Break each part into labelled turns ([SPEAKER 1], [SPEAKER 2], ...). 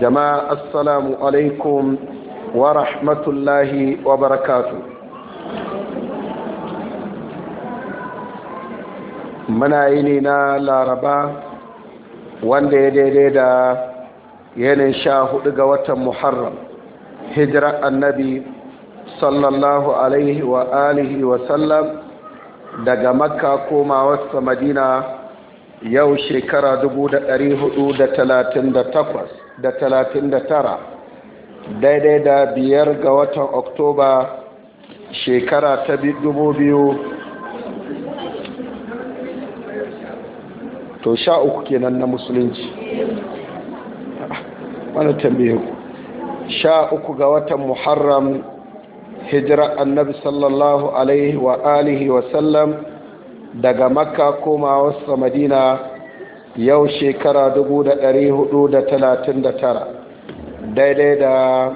[SPEAKER 1] jama'a assalamu alaikum wa rahmatullahi wa barakatu muna yi ne na laraba wanda ya daidai da yanin sha hudu ga watan muharram hijira annabi sallallahu alaihi wa alihi wa sallam daga makka komawarsa madina yau shekara dubu da ɗari hudu da talatin da takwas da talatin da tara daidai da biyar ga watan oktoba shekara ta dubu biyu to sha uku kenan na musulunci wani tambaye ku sha uku ga watan muharram hijira annabi sallallahu alaihi wa alihi wasallam daga makka koma wasu madina yau shekara 439 daidai da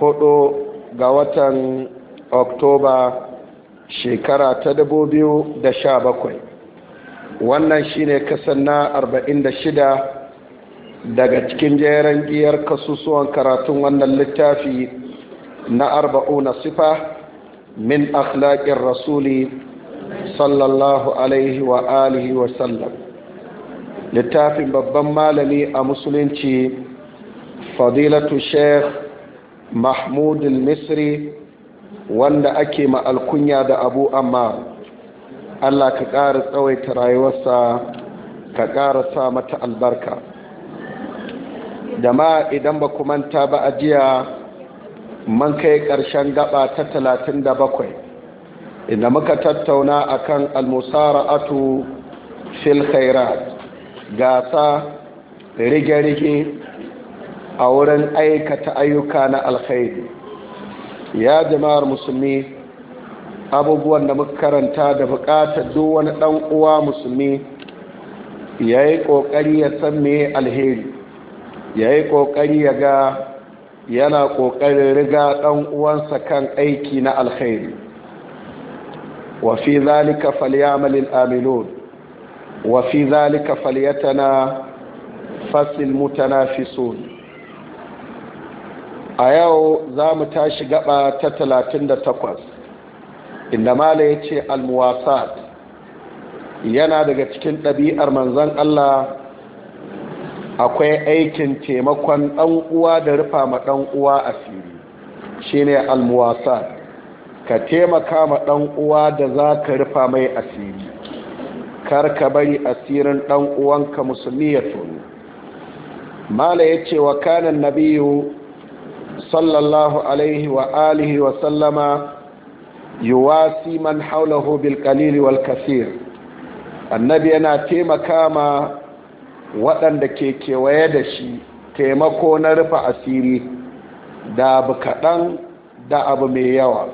[SPEAKER 1] hudu ga watan oktoba shekara ta 2017 wannan shine kasan na 46 daga cikin jeren giyar kasusuwan karatun wannan littafi na arba'una sifa min akhlaƙin rasuli صلى الله عليه وآله وسلم littafin babban malami a musulunci fadilatu sheikh mahmud misri wanda ake ma alkunya da abu amma allah ka ƙara tsawaita rayuwarsa ka ƙara sa mata albarka da ma idan ba ku manta ba a jiya man kai ƙarshen gaba ta talatin da bakwai. inda muka tattauna a akan almusara'atu fil khairat gasa rige-rige a wurin aikata ayyuka na alkhairi ya jama'ar musulmi abubuwan da muka karanta da bukatar duk wani dan uwa musulmi ya yi kokari ya san me alheri ya yi kokari ya ga yana kokarin riga dan uwansa kan aiki na alkhairi وفي ذلك فليعمل الآملون وفي ذلك فصل المتنافسون a yau za mu tashi gaba ta 38 inda mala ya ce almuwasat yana daga cikin ɗabi'ar Manzon Allah akwai aikin taimakon ɗan uwa da rufa ma ɗan uwa asiri shine almuwasat ka taimaka ma ɗan uwa da za ka rufa mai asiri kar ka bari asirin ɗan uwanka musulmi ya tono mala ya ce wa kanan nabiyu sallallahu alaihi wa alihi wa sallama yuwasi man haulahu bil wal kasir annabi yana taimaka ma waɗanda ke kewaye da shi taimako na rufe asiri da abu kaɗan da abu mai yawa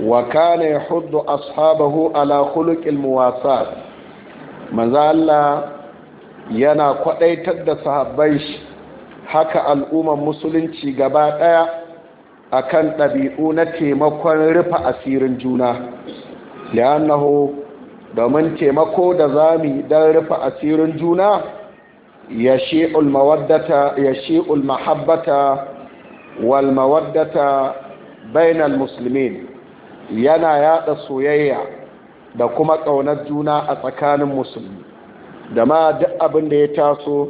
[SPEAKER 1] wa kana yahuddu ashabahu ala khuluqil muwasat manzo yana kwadaitar da sahabbai shi haka al'umman musulunci gaba daya akan ɗabi'u na taimakon rufa asirin juna li'annahu domin taimako da zami don rufa asirin juna ya shi'ul mawaddata ya shi'ul mahabbata wal mawaddata bainal muslimin yana yada soyayya da kuma ƙaunar juna a tsakanin musulmi da ma duk abin da ya taso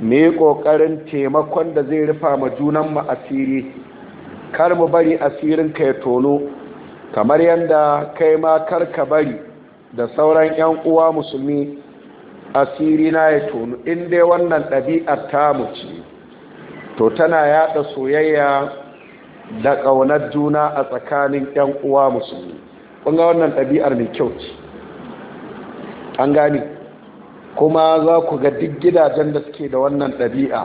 [SPEAKER 1] mai ƙoƙarin taimakon da zai rufa ma junan mu asiri kar mu bari asirin ka ya tono kamar yadda kai ma kar ka bari da sauran 'yan uwa musulmi asiri na ya tono in dai wannan ɗabi'ar mu ce to tana yada soyayya da ƙaunar juna a tsakanin 'yan uwa musulmi ƙunga wannan ɗabi'ar mai kyau ce an gani kuma za ku ga duk gidajen da suke da wannan ɗabi'a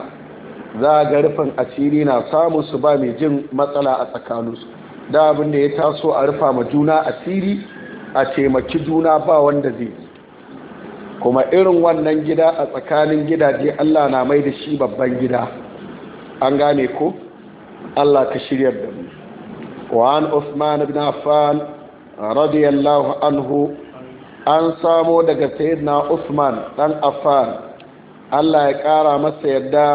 [SPEAKER 1] za ga rufin asiri na samun su ba mai jin matsala a tsakaninsu da abin da ya taso a rufa ma juna asiri a taimaki juna ba wanda zai kuma irin wannan gida a tsakanin gidaje allah na mai da shi babban gida an gane ko Allah ka shiryar da mu وعن عثمان بن عفان رضي الله anhu. an samo daga sayyidina Usman dan Affan Allah ya kara masa yadda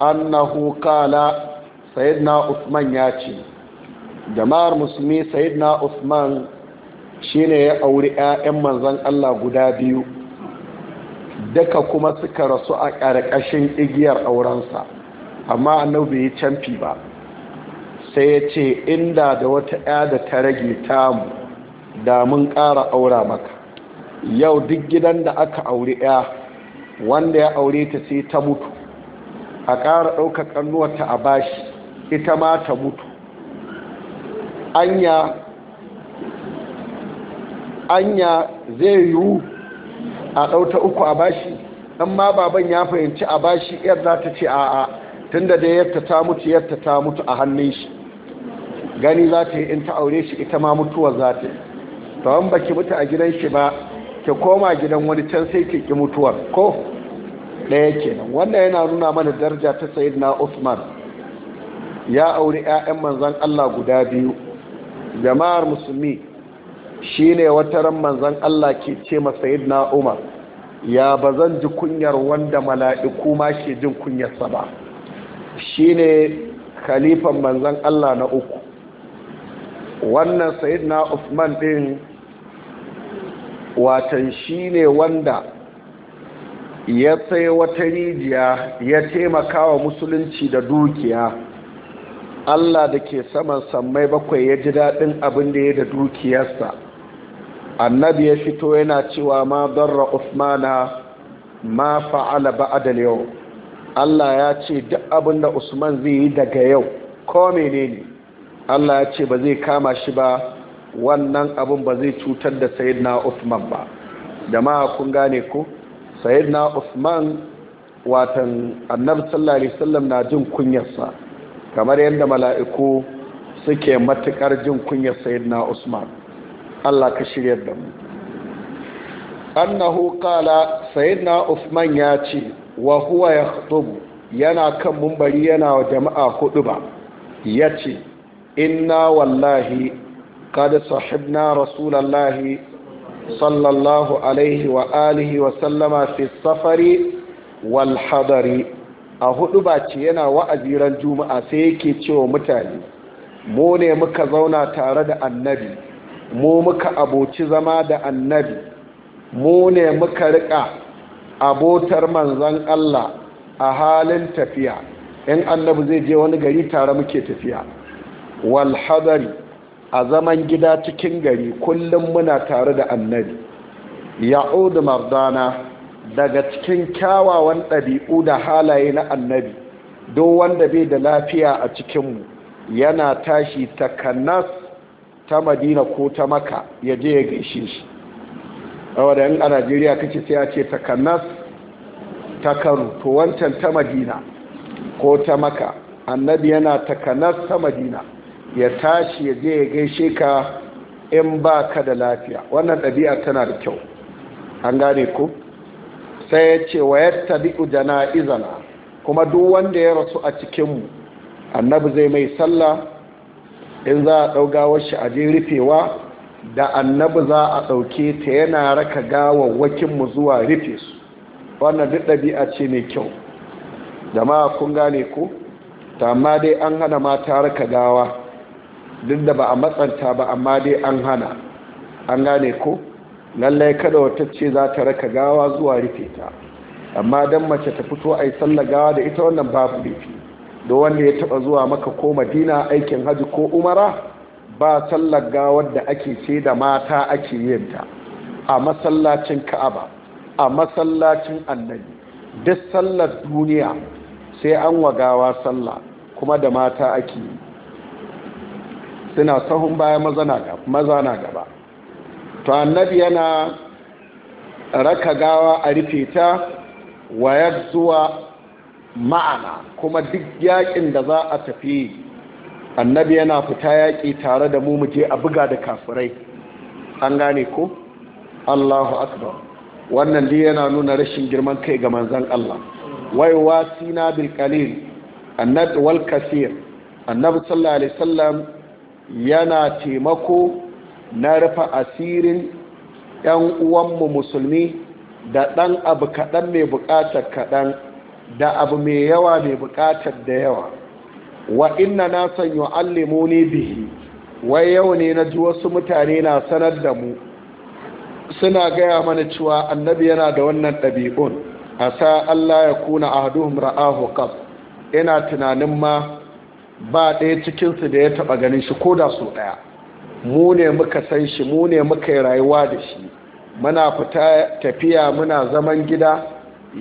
[SPEAKER 1] annahu kala sayyidina Usman ya ce jama'ar musulmi sayyidina Usman shine ya auri 'ya'yan manzon Allah guda biyu duka kuma suka rasu a ƙarƙashin igiyar aurensa amma annabi bai yi canfi ba sai ya ce inda da wata ya da ta rage ta mu da mun ƙara aura maka yau duk gidan da aka aure ya wanda ya aure ta sai ta mutu a ƙara ɗaukar ƙannuwarta a bashi ita ma ta mutu anya anya zai yiwu a ɗauta uku a bashi ɗan baban ya fahimci a bashi yar za ta ce a'a Tun da yadda ta mutu yadda ta mutu a hannun shi gani za ta yi in ta aure shi ita ma mutuwar za ta yi wani ba ki mutu a gidan shi ba ki koma gidan wani can sai ki ki mutuwar ko ɗaya ke nan. Wanda yana nuna mana daraja ta sayyidina Usman ya aure 'ya'yan manzan Allah guda biyu jama'ar musulmi shi ne wata ran manzan Allah ke ce ma sayyidina Umar ya ba zan ji kunyar wanda mala'iku ma ke jin kunyarsa ba Shi ne khalifan manzan Allah na uku wannan sayyidina Uthman din watan shi ne wanda ya tsaye wata rijiya ya taimaka wa musulunci da dukiya Allah da ke saman sammai bakwai ya ji daɗin abin da ya da dukiyarsa annabi ya fito yana cewa ma darra Uthmana ma fa'ala ba'da yau Allah ya ce duk abin da Usman zai yi daga yau ko menene Allah ya ce ba zai kama shi ba wannan abin ba zai cutar da Sayyidina Usman ba jama'a kun gane ko Sayyidina Usman watan Annabi sallallahu alaihi wasallam na jin kunyarsa kamar yadda mala'iku suke matukar jin kunyar Sayyidina Usman Allah ka shiryar da mu annahu qala Sayyidina Usman ya ce wa huwa yakhutubu yana kan mumbari yana wa jama'a huduba yace inna wallahi qad sahibna rasulallahi sallallahu alaihi wa alihi wa sallama fi safari wal hadari a huduba ce yana wa'azi ran juma'a sai yake cewa mutane mu ne muka zauna tare da annabi mu muka abuci zama da annabi mu ne muka riƙa? abotar manzan Allah a halin tafiya in annabi zai je wani gari tare muke tafiya walhadari a zaman gida cikin gari kullum muna tare da annabi ya'udu mardana daga cikin kyawawan ɗabi'u da halaye na annabi don wanda bai da lafiya a cikinmu yana tashi takanas ta madina ko ta maka ya je ya gaishe shi wadda a najeriya kake sai a ce takanas ta karu to wancan ta madina ko ta maka annabi yana takanas ta madina ya tashi ya je ya gaishe ka in ba ka da lafiya wannan ɗabi'a tana da kyau an gane ku sai ya ce wa yadda jana'izana kuma duk wanda ya rasu a cikinmu annabi zai mai sallah in za a ɗauga shi a je rufewa da annabi za a ɗauke ta yana raka mu zuwa rufe su wannan duk ɗabi'a ce mai kyau jama'a kun gane ko amma dai an hana mata raka gawa duk da ba a matsanta ba amma dai an hana an gane ko lallai kada wata ce za ta raka gawa zuwa rufe ta amma don mace ta fito a yi gawa da ita wannan babu rufe da wanda ya taɓa zuwa maka ko madina aikin haji ko umara ba sallar gawar da ake ce da mata ake yinta a masallacin ka'aba a masallacin annabi duk sallar duniya sai an wagawa sallah kuma da mata ake yi suna sahun baya maza na gaba to annabi yana raka gawa a rufe ta wayar zuwa ma'ana kuma duk yakin da za a tafi annabi yana fita yaƙi tare da mu muje a buga da kafirai an gane ko allahu akbar wannan dai yana nuna rashin girman kai ga manzan allah wai sina bil kalil annabi wal kasir annabi sallallahu alaihi wasallam yana taimako na rufa asirin yan uwanmu musulmi da ɗan abu kaɗan mai buƙatar kaɗan da abu mai yawa mai buƙatar da yawa wa inna na sanyo san ne bihi wai yau ne na ji wasu mutane na sanar da mu suna gaya mana cewa annabi yana da wannan ɗabi'un A sa Allah ya kuna ahaduhum ra'ahu qab ina tunanin ma ba ɗaya cikinsu da ya taɓa ganin shi ko da su ɗaya mu ne muka san shi mu ne muka yi rayuwa da shi muna fita tafiya muna zaman gida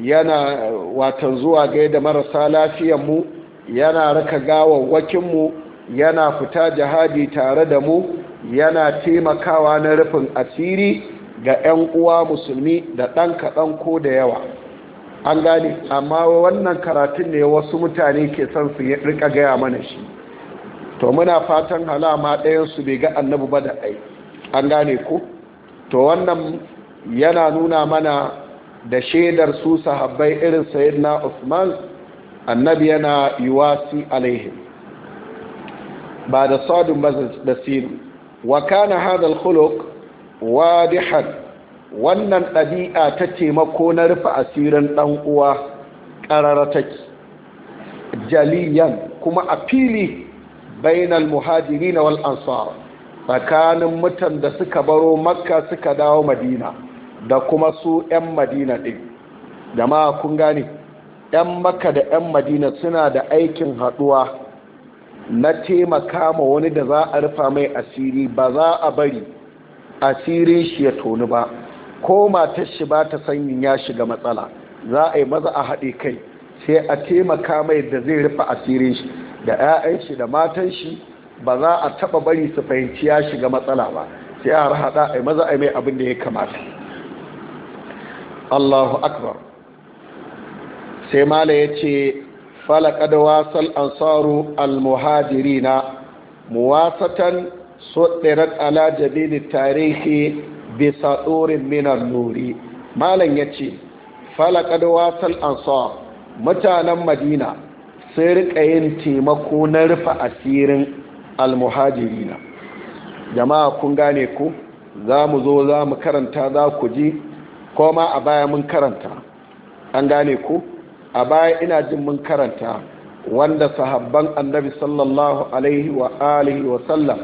[SPEAKER 1] yana watan zuwa gaida marasa lafiyan mu yana raka gawawwakinmu yana fita jihadi tare da mu yana taimakawa na rufin asiri ga 'yan uwa musulmi da ɗan kaɗan ko da yawa an gane amma wannan karatun ne wasu mutane ke son su rika gaya mana shi to muna fatan halama ɗayansu bai ga annabu ba da ai an gane ku to wannan yana nuna mana da shaidar su sahabbai irin sayid na usman annabi yana yuwasi alaihim ba da sadun ba da sinu wa kana hadal khuluq wadihan wannan ɗabi'a ta taimako na rufe asirin ɗan uwa ƙarara take jaliyan kuma a fili bainal muhajiri na wal ansar tsakanin mutan da suka baro makka suka dawo madina da kuma su 'yan madina ɗin jama'a kun gane 'yan maka da 'yan madina suna da aikin haɗuwa na taimaka ma wani da za a rufa mai asiri ba za a bari asirin shi ya tonu ba ko matar shi ba ta sanyin ya shiga matsala za a yi maza a haɗe kai sai a taimaka mai da zai rufa asirin shi da 'ya'yan shi da matan shi ba za a taɓa bari su fahimci ya shiga matsala ba sai a haɗa a yi maza a yi mai abin da ya kamata Allahu akbar sai mala ya ce falakad wasal ansaru almuhajirina muwasatan sudirat ala jabili tarihi bi tsorin minan nuri malan ya ce falakad wasal ansar mutanen madina sai rika yin taimako na rufe asirin almuhajirina jama'a kun gane ku za mu zo za mu karanta za ku ji koma a baya mun karanta an gane ku a baya ina jin mun karanta wanda sahabban annabi sallallahu alaihi wa alihi wa sallam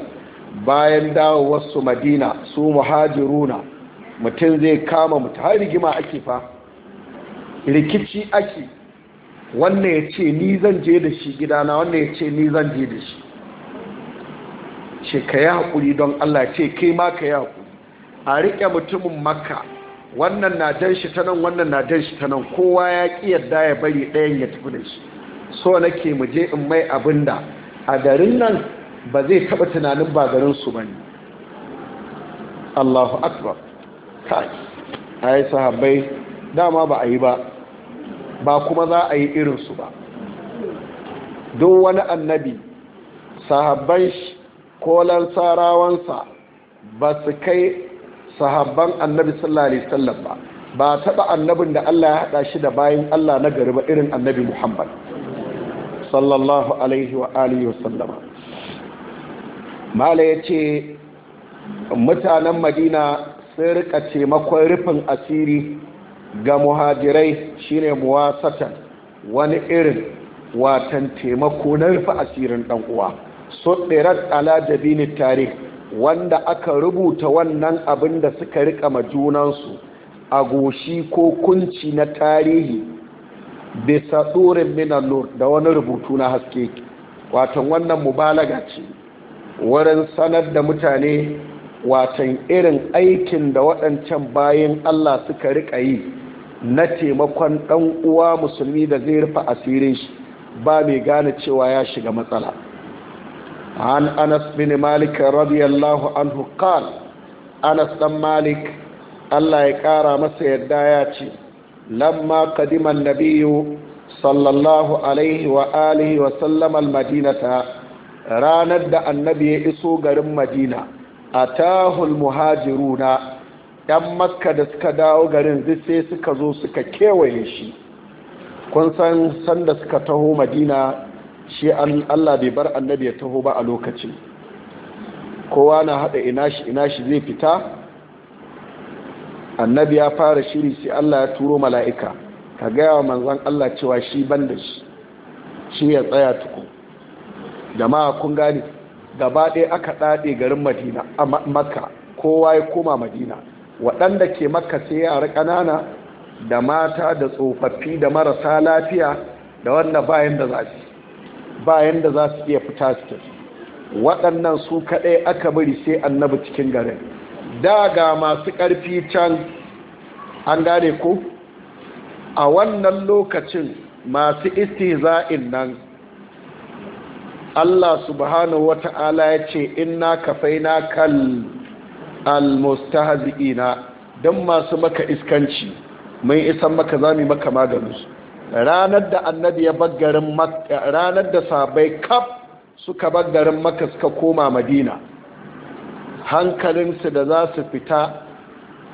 [SPEAKER 1] bayan dawowarsu madina su muhajiruna mutum zai kama mutum har rigima ake fa rikici ake wannan ya ce ni zan je da shi gidana wannan ya ce ni zan je da shi ce ka yi haƙuri don allah ce kai ma ka yi haƙuri a riƙe mutumin makka wannan na jan shi ta nan wannan na jan shi ta nan kowa ya ƙi yadda ya bari ɗayan ya tafi da shi so nake mu je in mai abin da a garin nan ba zai taɓa tunanin ba garin su ba ne allahu akbar kai a yi sahabbai dama ba a yi ba ba kuma za a yi irinsu ba don wani annabi sahabban shi ko lansarawansa ba su kai sahabban annabi sallallahu alaihi wasallam ba ba taba annabin da Allah ya hada shi da bayin Allah na gari ba irin annabi Muhammad sallallahu alaihi wa alihi wasallam mala yace mutanen Madina sun rika taimakon rufin asiri ga muhajirai shine muwasatan wani irin watan taimako na rufe asirin dan uwa so dirat ala jabini tarihi wanda aka rubuta wannan abin da suka rika majunansu a goshi ko kunci na tarihi bisa tsorin minallur da wani rubutu na haske watan wannan mubalaga ce wurin sanar da mutane watan irin aikin da waɗancan bayan allah suka rika yi na taimakon ɗan uwa musulmi da zai rufe asirin shi ba mai gane cewa ya shiga matsala عن أنس بن مالك رضي الله عنه قال أنس بن مالك الله يكارى مسيح الدايات لما قدم النبي صلى الله عليه وآله وسلم المدينة راند النبي إسو غرم مدينة أتاه المهاجرون ‘yan makka da suka dawo garin sai suka zo suka kewaye shi kun san sanda suka taho madina shi Allah bai bar annabi ya taho ba a lokacin kowa na haɗa ina shi ina shi zai fita annabi ya fara shiri sai Allah ya turo mala'ika ka gaya wa manzan Allah cewa shi ban shi shi ya tsaya tuku jama'a kun gane gaba ɗaya aka ɗaɗe garin madina a makka kowa ya koma madina waɗanda ke makka sai yara ƙanana da mata da tsofaffi da marasa lafiya da wanda bayan da za Ba yadda za su iya fita su waɗannan su kaɗai aka bari sai annabi cikin garin daga masu ƙarfi can an gane ko a wannan lokacin masu za'in nan Allah subhanahu wata'ala ya ce inna kafaina kal almustahzi'ina Don masu maka iskanci mun isan maka zami maka maganinsu ranar da annabi ya bagarin makka ranar da sabai kaf suka bagarin makka suka koma madina hankalinsu da za su fita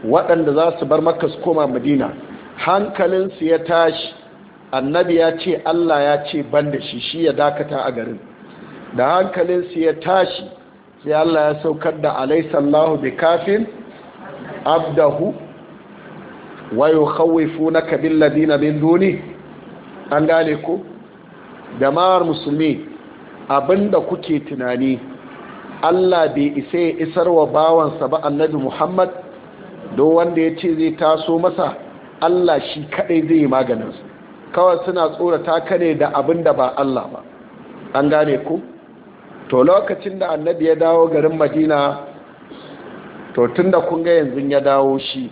[SPEAKER 1] waɗanda za su bar makka su koma madina hankalinsu ya tashi annabi ya ce allah ya ce ban da shi shi ya dakata a garin da hankalinsu ya tashi sai allah ya saukar da alaisallahu bi kafin abdahu wayo na na ladina bin duniya. an gane ko jama'ar musulmi abinda kuke tunani Allah bai isa ya isar wa bawansa ba annabi Muhammad don wanda ya ce zai taso masa Allah shi kadai zai yi maganinsu. kawai suna tsorata ka ne da abin da ba Allah ba an gane ku to lokacin da annabi ya dawo garin madina to tun da kun yanzu ya dawo shi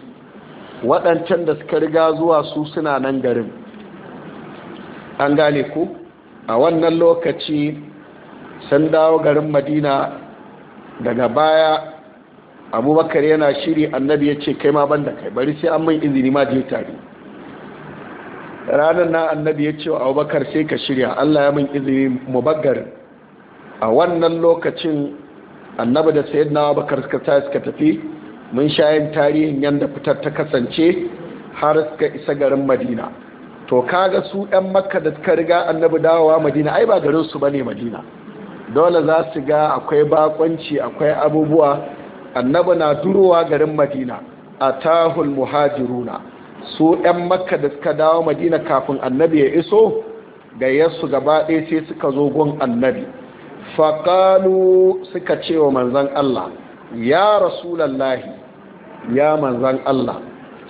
[SPEAKER 1] waɗancan da suka riga zuwa su suna nan garin an gane ku a wannan lokaci sun dawo garin madina daga baya abubakar yana shiri annabi ya ce kai ma ban da kai bari sai an mai izini ma je tare ranar na annabi ya ce wa abubakar sai ka shirya allah ya mun izini mu bagar a wannan lokacin annabi da sayid na abubakar suka sa suka tafi mun shayin tarihin yadda fitar ta kasance har suka isa garin madina to kaga su ɗan makka da suka riga annabi dawowa madina ai ba garin su bane madina dole za su ga akwai bakonci akwai abubuwa annabi na durowa garin madina a tahul muhajiruna su ɗan makka da suka dawo madina kafin annabi ya iso yasu gaba ɗaya sai suka zo gun annabi faƙalu suka ce wa manzan Allah ya rasulallahi ya manzan Allah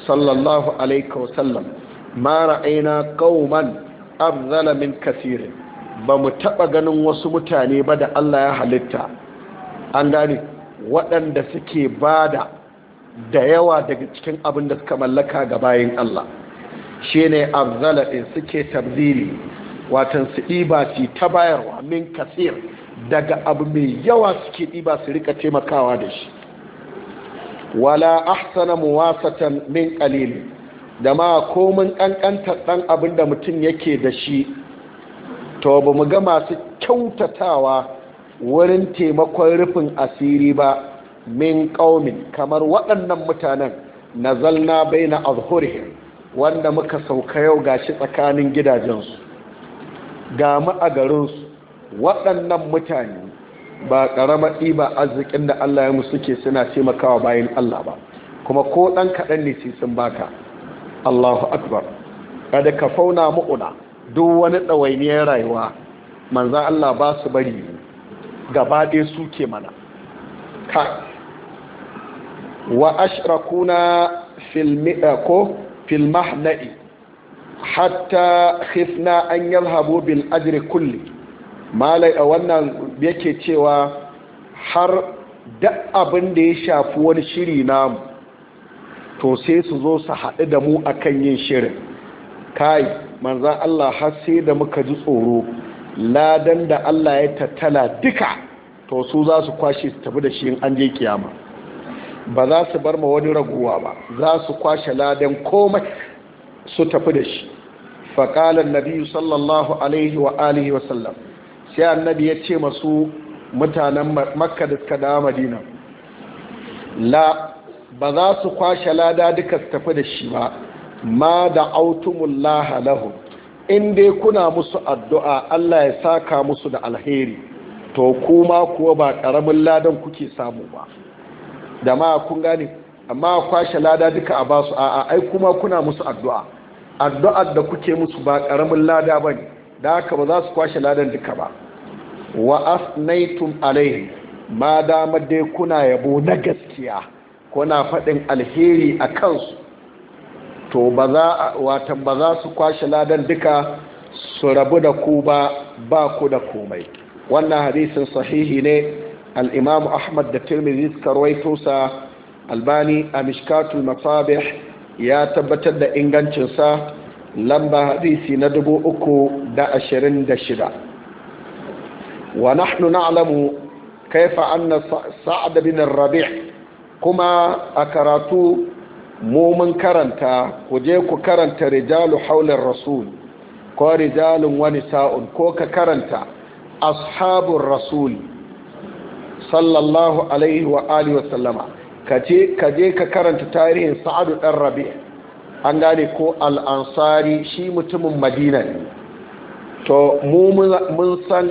[SPEAKER 1] sallallahu alaihi wasallam ma aina qauman afdala min kaseerin ba mu taɓa ganin wasu mutane ba da Allah ya halitta an gane waɗanda suke bada da yawa daga cikin abin da suka mallaka ga bayan Allah shi ne abzalaɗin suke tabdili watan su diba ci ta bayarwa min kasir daga abu mai yawa suke ɗiba su rika taimakawa da shi wala ahsana muwasatan min ƙalili da ma komin ƙanƙantar ɗan abin da mutum yake da shi to ba mu ga masu kyautatawa wurin taimakon rufin asiri ba min ƙaumin kamar waɗannan mutanen na zalna bai na azhurihim wanda muka sauka yau ga shi tsakanin gidajensu ga mu a garinsu waɗannan mutane ba ƙaramar ɗiba arzikin da Allah ya musu ke suna taimakawa bayan Allah ba kuma ko ɗan kaɗan ne sun baka Allahu akbar kada ka fauna mu'una duk wani ɗawainiyar rayuwa manza Allah ba su bari gaba ɗaya suke mana ka wa ashrakuna ko filma na'i? hatta khifna an yadhhabu bil ajri kulli malai a wannan yake cewa har da abin da ya shafi wani shiri namu to sai su zo su haɗu da mu a kan yin shirin kai manzan Allah har sai da muka ji tsoro ladan da Allah ya tattala duka to su za su kwashe su tafi da shi in an je kiyama ba za su bar ma wani raguwa ba za su kwashe ladan komai su tafi da shi faƙalar nabi sallallahu alaihi wa alihi wasallam sai annabi ya ce masu mutanen makka da suka madina la ba za su kwashe lada duka su tafi da shi ba ma da autumun lahu in dai kuna musu addu'a Allah ya saka musu da alheri to kuma kuwa ba ƙaramin ladan kuke samu ba da ma kun gane amma kwashe lada duka a basu a'a ai kuma kuna musu addu'a addu'ar da kuke musu ba ƙaramin lada ba ne da haka ba za su kwashe ladan duka ba wa asnaitum alaihi ma dama dai kuna yabo na gaskiya kuna faɗin alheri a kansu to ba ba za su kwashe ladan duka su rabu da ku ba ba ku da komai wannan hadisin sahihi ne al'imamu ahmad da tirmidhi suka rawaito albani a mishkatul ya tabbatar da ingancinsa lamba hadisi na dubu uku da ashirin da shida. wa nahnu na'lamu kaifa na sa'ad bin rabi' kuma a karatu mumun karanta ku je ku karanta rijalu haular rasul ko rijalun wani sa'un ko ka karanta ashabun rasul sallallahu alaihi wa alihi wasallama ka je ka karanta tarihin sa'adu ɗan rabi an gane ko al'ansari shi mutumin madina ne to mu mun san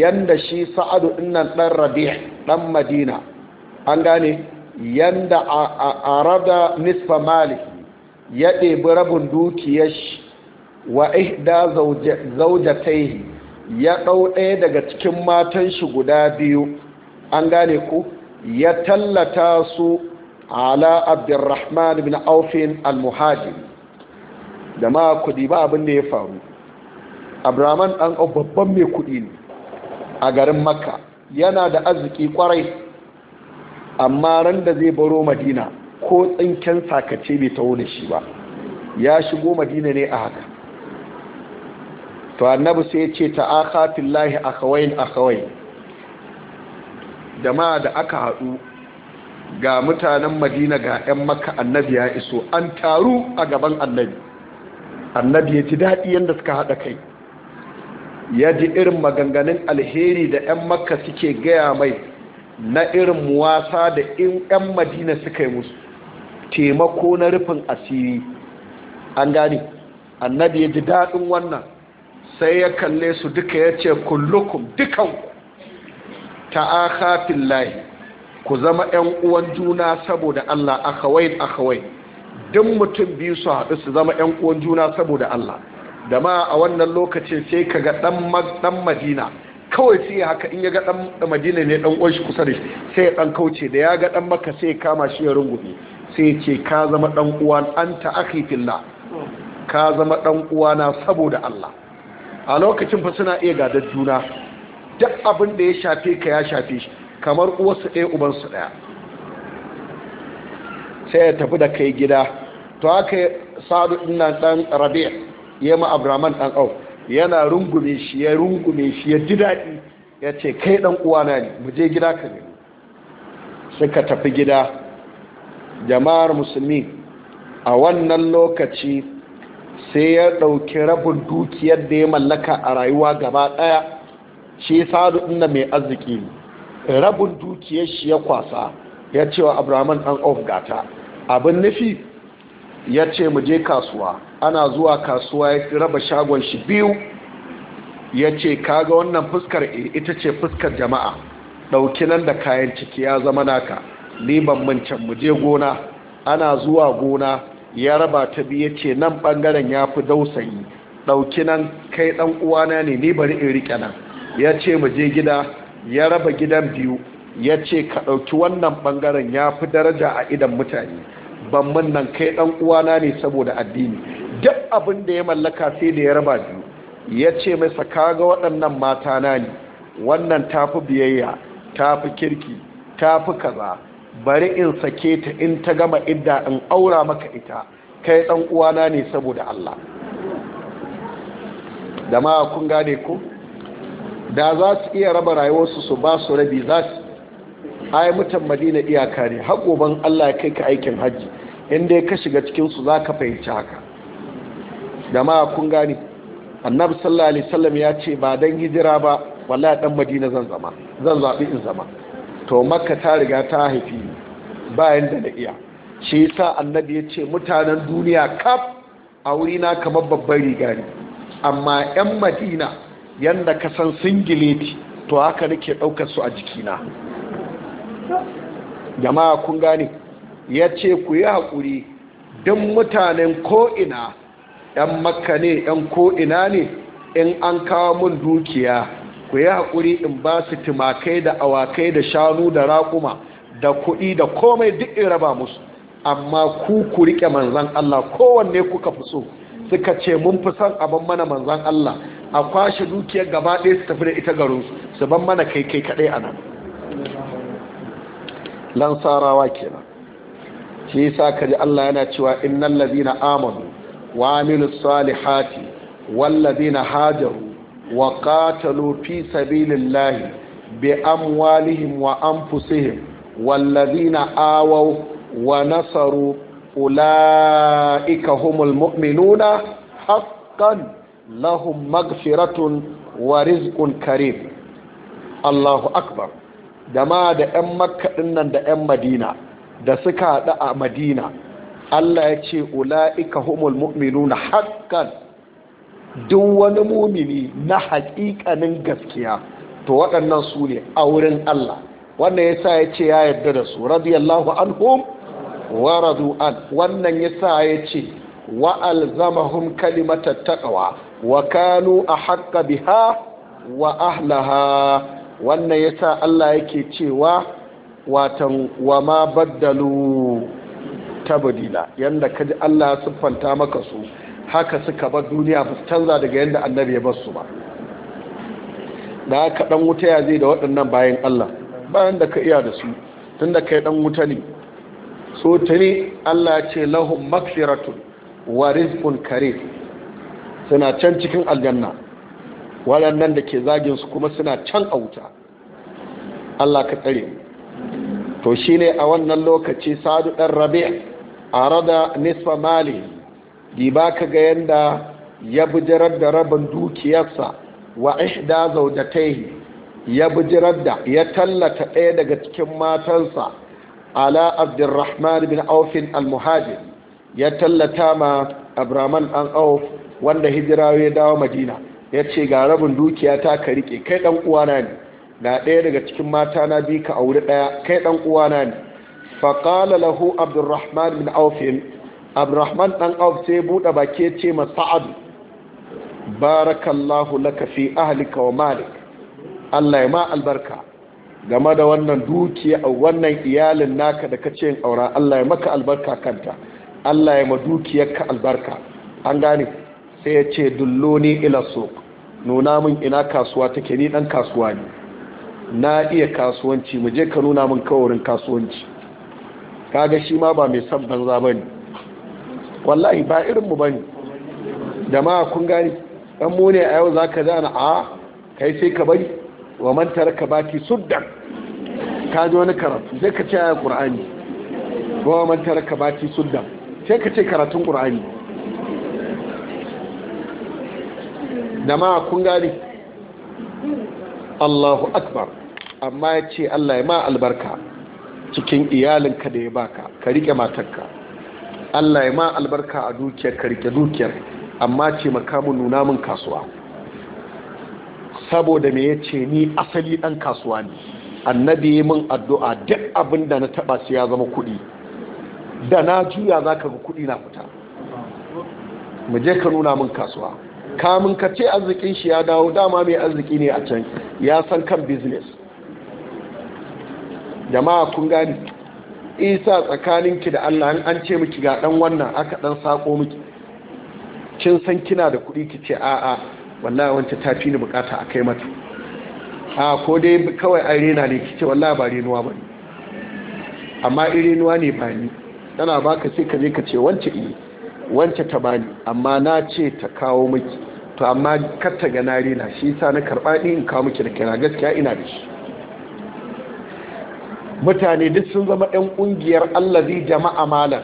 [SPEAKER 1] yadda shi sa'adu ɗinnan ɗan rabi ɗan madina an gane yanda arada nisfa maliki ya ɗebi rabin dukiyar shi wa ihda zaujataihi ya ɗau ɗaya daga cikin matan shi guda biyu an gane ku ya tallata su ala abdurrahman bin aufin al-muhajir da ma kudi ba abin da ya faru abraman ɗan babban mai kudi ne a garin makka yana da arziki kwarai amma ran da zai baro madina ko tsinken sakace bai taho da shi ba ya shigo madina ne a haka to annabi sai ya ce ta'aka fillahi akawain akawain jama'a da aka haɗu ga mutanen madina ga 'yan maka annabi ya iso an taru a gaban annabi annabi ya ji daɗi yadda suka haɗa kai ya ji irin maganganun alheri da 'yan makka suke gaya mai na irin muwasa da in 'yan madina suka yi musu taimako na rufin asiri an gani annabi ya ji daɗin wannan sai ya kalle su duka ya ce kullukum dukan ta'akafin lahi ku zama 'yan uwan juna saboda allah akawai akawai duk mutum biyu su haɗu su zama 'yan uwan juna saboda allah da ma a wannan lokacin sai ka ga ɗan madina kawai sai ya haka in ya ga dan madina ne dan uwan kusa da shi sai ya dan kauce da ya ga dan maka sai ya kama shi ya rungume sai ya ce ka zama dan uwan anta akhi fillah ka zama dan uwana saboda Allah a lokacin fa suna iya gadar juna duk abin da ya shafe ka ya shafe shi kamar uwarsu ɗaya uban su ɗaya sai ya tafi da kai gida to haka sa'adu dinnan dan ɗan yema abraman dan au yana rungume shi ya rungume shi ya ji daɗi ya ce kai ɗan uwana ne mu je gida ka ne suka tafi gida jama'ar musulmi a wannan lokaci sai ya ɗauki rabin dukiyar da ya mallaka a rayuwa gaba ɗaya shi sadu inda mai arziki rabin dukiyar shi ya kwasa ya ce wa abraman ɗan ofgata, abin nufi ya ce mu je kasuwa ana zuwa kasuwa ya raba shagon shi biyu ya ce kaga wannan fuskar eh, ita ce fuskar jama'a ɗauki nan da kayan ciki ya zama naka liban mancan mu je gona ana zuwa gona ya raba ta biyu ya ce nan ɓangaren ya fi dausayi ɗauki nan kai ɗan uwana ne ni bari in riƙe nan ya ce mu je gida ya raba gidan biyu ya ce ka ɗauki wannan ɓangaren ya fi daraja a idan mutane bamban nan kai dan uwana ne saboda addini duk abin da ya mallaka sai da ya raba biyu ya ce mai kaga waɗannan mata na ne wannan tafi biyayya tafi kirki tafi kaza bari in sake ta in ta gama idda in aura maka ita kai dan uwana ne saboda Allah da ma kun gane ko da za su iya raba rayuwarsu su ba su rabi za su ai mutan madina iyaka ne haƙoban Allah ya kai ka aikin hajji inda ka shiga cikinsu za ka fahimci haka jama'a kun gani annabi sallallahu alaihi wasallam ya ce ba dan hijira ba wallahi dan madina zan zama zan zabi in zama to makka ta riga ta haifi Ba yanda da iya shi yasa annabi ya ce mutanen duniya kaf a wuri na kamar babban riga ne amma yan madina yanda ka san singileti to haka nake daukar su a jikina jama'a kun gane ya ce ku yi haƙuri don mutanen ko'ina ‘yan makka ne ‘yan ko'ina ne in an kawo mun dukiya ku yi haƙuri in ba su tumakai da awakai da shanu da raƙuma da kuɗi da komai duk in raba musu amma ku ku riƙe manzan Allah kowanne kuka fi so suka ce mun fi son abin mana manzan Allah a kwashe dukiyar gaba ɗaya su tafi da ita garinsu su ban mana kai kai kaɗai a nan lansarawa kenan shi yasa kaji Allah yana cewa innal ladina amanu wa amilus salihati wal ladina hajaru wa qatalu fi sabilillahi bi amwalihim wa anfusihim wal ladina awaw wa nasaru ulaika humul mu'minuna haqqan lahum maghfiratun wa rizqun karim Allahu akbar dama da 'yan makka nan da 'yan madina da suka haɗu a madina allah ya ce ula'ika humul na haƙƙan duk wani mumini na haƙiƙanin gaskiya to waɗannan su ne a wurin allah wannan ya sa ya ce ya yarda da su radiyallahu anhum wa radu an wannan ya sa ya ce wa alzamahum kalimatat taqwa wa kanu ahqqa biha wa ahlaha wannan ya sa allah yake cewa watan wa ma baddalu yadda ka ji Allah ya siffanta maka su haka suka bar duniya ba canza daga yadda annabi ya basu ba da haka dan wuta ya zai da waɗannan bayan Allah bayan da ka iya da su tunda kai dan wuta ne so ne Allah ya ce lahun makfiratun wa rizqun kare suna can cikin aljanna waɗannan da ke zagin su kuma suna can a wuta Allah ka tsare mu to shi ne a wannan lokaci sadu ɗan rabi' rada nisfa mali diba ka ga yadda ya bijirar da rabin dukiyarsa wa ihda zawjatayhi ya bijirar da ya tallata ɗaya daga cikin matansa ala abdurrahman bin aufin al ya tallata ma abraman an auf wanda hijira ya dawo madina ya ce ga rabin dukiya ta ka riƙe kai ɗan uwana ne Na ɗaya daga cikin mata na bi ka auri ɗaya kai ɗan uwana ne faƙala lahu abdurrahman min aufin abdurrahman ɗan auf sai buɗe baki ce ma sa'ad barakallahu lakafi fi ahlika wa malik Allah ya ma albarka game da wannan dukiya a wannan iyalin naka da kace yin aura Allah ya maka albarka kanta Allah ya ma dukiyarka albarka an gane sai ya ce dulloni ila so. nuna min ina kasuwa take ni dan kasuwa ne na iya kasuwanci mu je ka nuna min kawarin kasuwanci kaga shi ma ba mai san banza ba ne wallahi ba irinmu ba ne da ma kun gani ɗan mu ne a yau za ka zana a kai sai ka bari wa mantar ka baki suddan ka ji wani karatu sai ka ce a Ba wa mantar ka baki suddan sai ka ce karatun ƙur'ani da ma kun gani Allahu akbar amma ya ce allah ya ma albarka cikin iyalinka da ya baka ka rike matarka allah ya ma albarka a dukiyar ka rike dukiyar amma ce makamun nuna min kasuwa saboda me ya ce ni asali dan kasuwa ne annabi yi min addu'a duk abin da na taba su ya zama kuɗi da na juya za ka ga kuɗi na fita mu je ka nuna min kasuwa kamun ka ce arzikin shi ya dawo dama mai arziki ne a can ya san kan business jama'a kun gani isa tsakaninki da Allah an ce miki ga dan wannan aka dan sako miki kin san kina da kuɗi ki ce a'a wallahi wancan ta fi ni bukata a kai mata a ko dai kawai an rena ne ki ce wallahi ba renuwa ba ne amma in renuwa ne ba ni tana baka sai ka je ka ce wance ne eh, wance ta bani amma na ce ta kawo miki to amma kar ta ga na rena shi sa na karɓa ɗin in kawo miki da kira gaskiya ina da shi mutane duk sun zama ɗan ƙungiyar allazi jama'a malan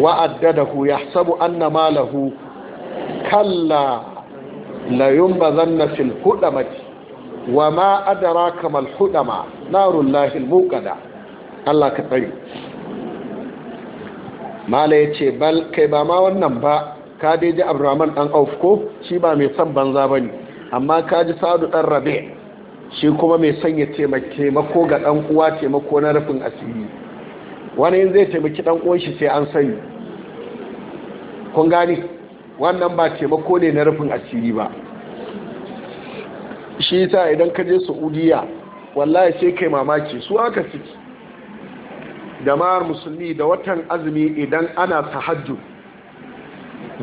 [SPEAKER 1] wa'addadahu yahsabu anna malahu kalla la yumbazanna fil hudamati wa ma adraka mal hudama narul lahil muqada Allah ka tsare mala yace bal kai ba ma wannan ba ka dai ji Abdurrahman dan ko shi ba mai son banza bane amma ka ji Sa'du ɗan Rabi' shi kuma mai sanya taimako ga ɗan uwa taimako na rufin asiri wani yin zai taimaki ɗan uwan shi sai an sani kun gani wannan ba taimako ne na rufin asiri ba shi ta idan ka je saudiya wallahi sai kai mamaki su aka ciki da mawar musulmi da watan azumi idan ana sahajju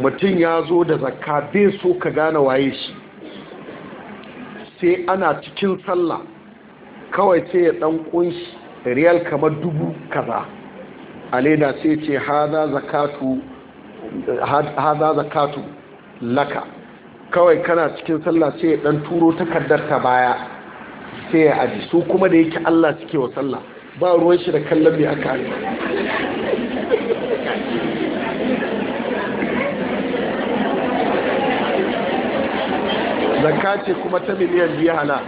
[SPEAKER 1] mutum ya zo da zakka bai so ka gane waye shi sai ana cikin sallah kawai sai ya dan kunshi riyal kamar dubu kaza a leda sai ce haza zakatu laka kawai kana cikin sallah sai ya dan turo takardar ta baya sai ya aji su kuma da yake Allah suke wa sallah ba ruwan shi da kallon mai aka zakka ce kuma ta miliyan biyu hana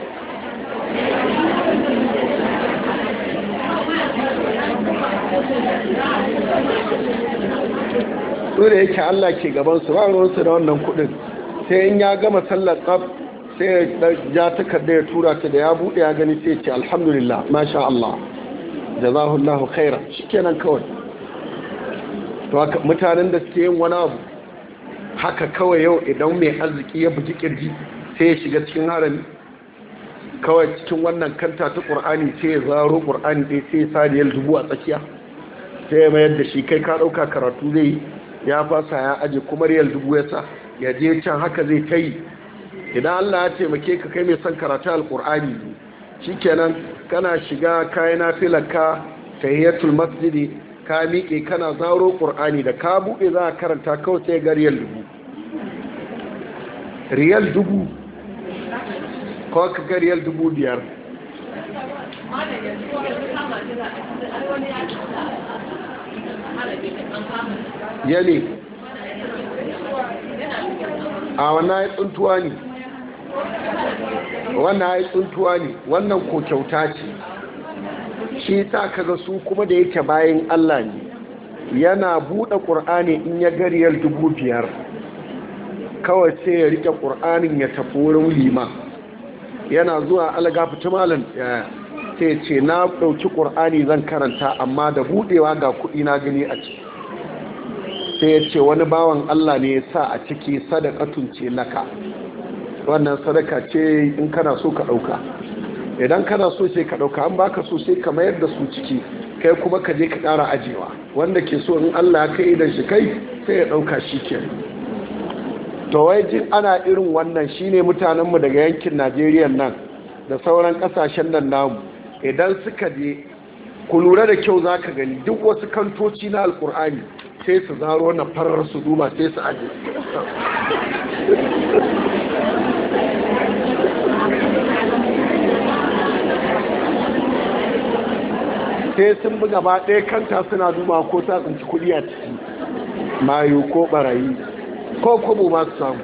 [SPEAKER 1] da yake Allah ke gabansu ba ruwansu da wannan kudin sai in ya gama sallar tsab sai ya takarda ya tura ta da ya bude ya gani sai ce alhamdulillah masha Allah jazahullahu khairan shikenan kawai to haka mutanen da suke yin wani abu haka kawai yau idan mai arziki ya buji kirji sai ya shiga cikin harami kawai cikin wannan kanta ta ƙur'ani sai ya zaro ƙur'ani ɗaya sai ya saniyar dubu a tsakiya sai ya mayar da shi kai ka ɗauka karatu zai ya fasa ya aje kuma riyal dubu ya sa ya je can haka zai ta yi idan allah ya taimake ka kai mai son karatu alƙur'ani ne shikenan kana shiga kayan yi tahiyatul masjidi ka miƙe kana zaro ƙur'ani da ka buɗe za a karanta kawai sai ga riyal dubu riyal dubu ko ka ga dubu biyar a wannan ya tsuntuwa ne wannan ya tsuntuwa ne wannan ko kyauta ce shi ta kaga su kuma da yake bayan allah ne yana buɗe ƙur'ani in ya gariyar dubu biyar kawai sai ya riƙe ƙur'anin ya tafi wurin liman yana zuwa alaga ta malam sai ce na ɗauki ƙur'ani zan karanta amma da buɗewa ga kuɗi na gani a ciki sai ya ce wani bawan Allah ne ya sa a ciki sadakatun ce naka wannan sadaka ce in kana so ka ɗauka idan kana so sai ka ɗauka an baka so sai ka mayar da su ciki kai kuma ka je ka ƙara ajiyewa. wanda ke so in Allah ya kai idan shi kai sai ya ɗauka shi kenan to wai jin ana irin wannan shine mutanenmu daga yankin najeriya nan da sauran kasashen nan namu idan suka je ku lura da kyau za ka gani duk wasu kantoci na alkur'ani sai su zaro na farar su duma sai su aje sai sun bi gaba ɗaya kanta suna duma ko ta tsinci kuɗi a ciki mayu ko ɓarayi ko kubu ma su samu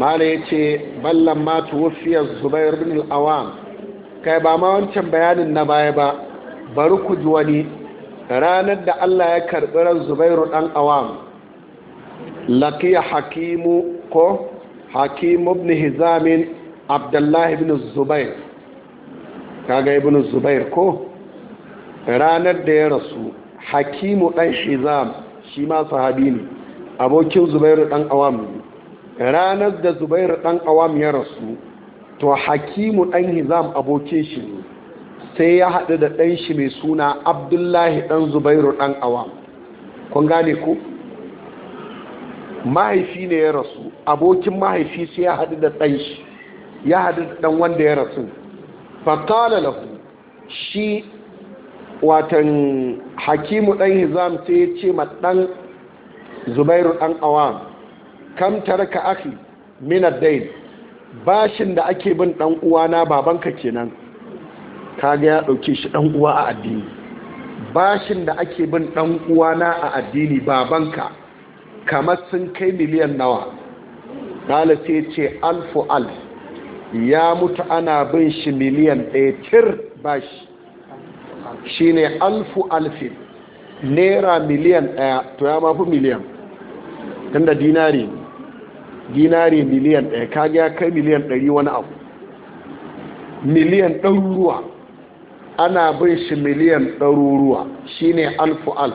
[SPEAKER 1] mala ya ce ballan ma tuwafiyar zubair bin al'awam kai ba ma wancan bayanin na baya ba bari ku ji wani ranar da allah ya karɓi ran zubairu ɗan awam lakiya hakimu ko hakimu ibn hizamin abdullahi ibn zubair kaga ibn zubair ko ranar da ya rasu hakimu ɗan hizam shi ma sahabi ne abokin zubairu dan awam ranar da zubairu dan awam ya rasu to hakimu ɗan hizam abokin shi ne sai ya haɗu da ɗan shi mai suna abdullahi ɗan zubairu ɗan awam kun gane ku mahaifi ne ya rasu abokin mahaifi sai ya haɗu da ɗan shi ya haɗu da ɗan wanda ya rasu fatala shi watan hakimu ɗan hizam sai ya ce ma ɗan zubairu ɗan awam kam ka ake minad dain bashin da ake bin ɗan uwana babanka kenan kaga ya ɗauke shi ɗan uwa a addini bashin da ake bin ɗan uwana a addini babanka kamar sun kai miliyan nawa ƙala sai ce alfu alf ya mutu ana bin shi miliyan ɗaya tir bashi shine alfu alfin naira miliyan ɗaya to ya mafi miliyan tunda dinari dinari miliyan ɗaya kaga ya kai miliyan ɗari wani abu miliyan ɗaruruwa ana bin shi miliyan ɗaruruwa shine alfu al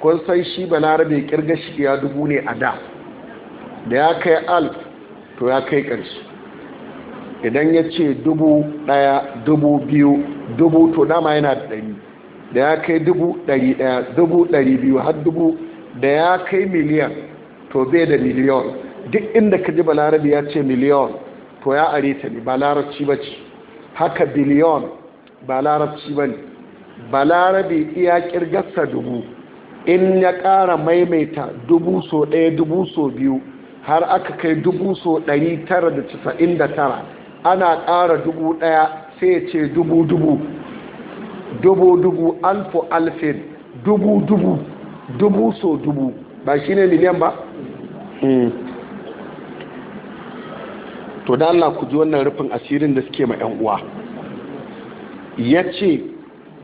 [SPEAKER 1] kun san shi balarabe kirga shi ya dubu ne a da da ya kai alf to ya kai ƙarshe idan ya ce dubu ɗaya dubu biyu dubu to dama yana da ɗari da ya kai dubu ɗari ɗaya dubu ɗari biyu har dubu da ya kai miliyan to bai da miliyon duk inda ka ji balarabi ya ce miliyon to ya are ta ne ba larabci ba ce haka biliyon ba larabci ba ne balarabi iya kirgarsa dubu in ya ƙara maimaita dubu so ɗaya dubu so biyu har aka kai dubu so ɗari tara da casa'in da tara ana ƙara dubu ɗaya sai ce dubu dubu dubu dubu alfu alfin dubu dubu dubu so dubu ba shi ne miliyan ba? Hmm. to da Allah ku ji wannan rufin asirin da suke ma 'yan uwa ya ce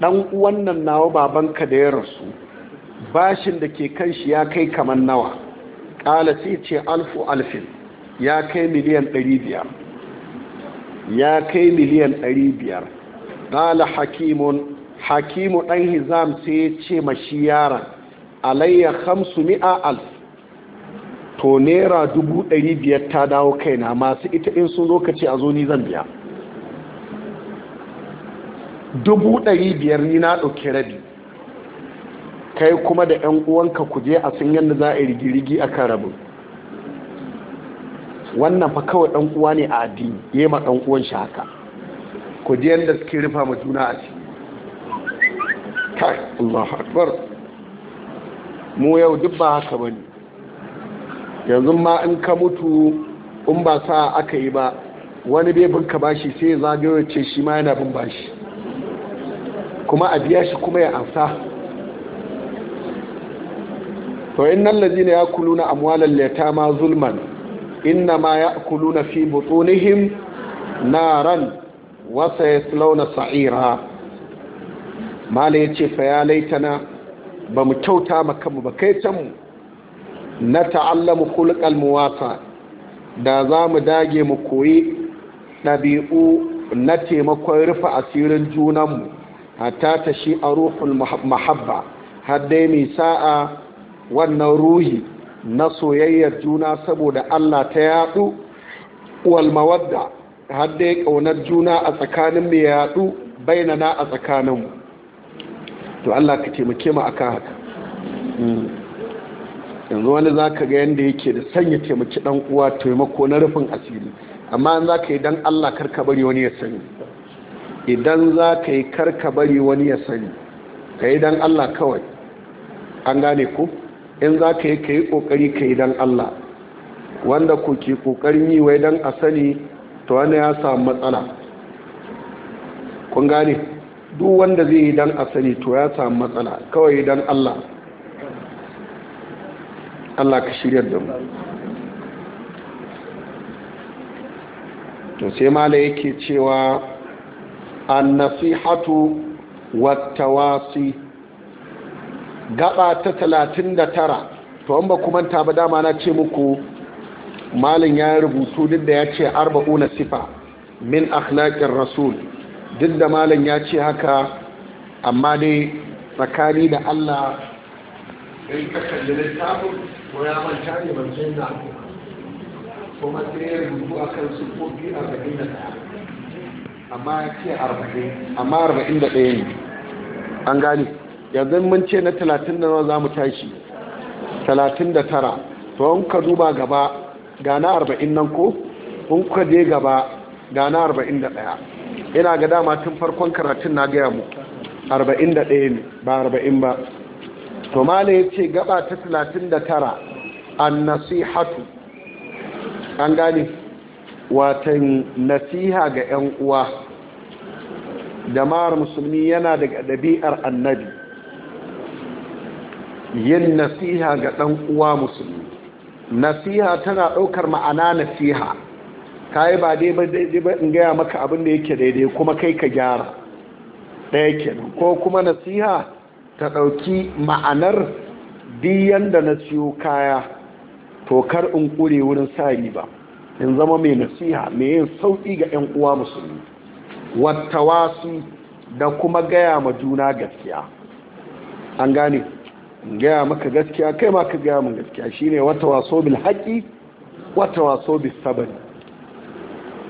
[SPEAKER 1] ɗan uwan nawa babanka da ya rasu bashin da ke kan shi ya kai kamar nawa ƙala sai ce alfu alfin ya kai miliyan ɗari biyar. ya kai miliyan 500 ƙala hakimun hakimu ɗan hizam sai ya ce mashi yaran alayya hamsu mi'a alf to naira dubu ɗari biyar ta dawo kaina masu ita in sun lokaci a zo ni zan biya dubu ɗari biyar ni na ɗauki rabi kai kuma da 'yan uwanka kuje a sun yadda za a yi rigirigi a karabin wannan fa kawai dan uwa ne a addini ya ma dan uwan shi haka ku ji yadda suke rufa ma juna a ciki kai Allahu akbar mu yau duk ba haka bane yanzu ma in ka mutu in ba sa aka yi ba wani bai ka bashi sai zagayo ce shi ma yana bin bashi kuma a biya shi kuma ya amsa to innal ladina yakuluna amwalal yatama zulman inna ma na fi butunihim naran wa sayaslawna sa'ira mala yace fa ya ba mu kyauta ma kanmu ba kai can mu na ta'allamu khuluqal muwasa da za mu dage mu koyi ɗabi'u na taimakon rufe asirin junanmu hatta ta shi a ruhul mahabba har dai mai sa'a wannan ruhi na soyayyar juna saboda Allah ta yadu wal mawadda har dai kaunar juna a tsakanin mai ya yadu bainana a tsakanin to Allah ka taimake mu akan haka hmm. yanzu wani za ka ga yadda yake da sanya taimaki dan uwa taimako na rufin asiri amma za ka yi don allah karka bari wani ya sani idan za ka yi karka bari wani ya sani ka yi don allah kawai an gane ku in za ka yi ka yi ƙoƙari ka yi don Allah wanda ku ke ƙoƙarin yi wai don a sani to wanda ya samu matsala kun gane duk wanda zai yi don a sani to ya samu matsala kawai don Allah Allah ka shirya da mu to sai mala yake cewa an nasihatu wata tawasi gaba ta 39 to an ba kuma ta ba dama na ce muku malin ya rubutu duk da ya ce arba'una sifa min akhlaqir rasul duk da malin ya ce haka amma dai tsakani da Allah in ka kalli littafin ko ya manta ne ban da kuma sai ya rubutu akan sufofi 41 amma ya ce arba'in amma arba'in da ɗaya ne an gani. yanzu mun ce na talatin da za mu tashi 39 to in ka duba gaba ga na 40 nan ko in ka je gaba ga na 41 ina ga dama tun farkon karatun na gaya mu 41 ne ba 40 ba to mala ya ce gaba ta 39 an nasihatu an gane watan nasiha ga 'yan uwa jama'ar musulmi yana daga ɗabi'ar annabi yin nasiha ga ɗan uwa musulmi nasiha tana ɗaukar ma'ana nasiha ka yi ba daidai ba in gaya maka abin da yake daidai kuma kai ka gyara ɗaya kenan ko kuma nasiha ta ɗauki ma'anar diyan da na siyo kaya tokar kar in ƙure wurin sa riba in zama mai nasiha mai yin sauƙi ga 'yan uwa musulmi wasu da kuma gaya ma juna gaskiya an gane gaya maka gaskiya kai ma ka gaya min gaskiya shine wata waso bil haƙi wata waso bil sabr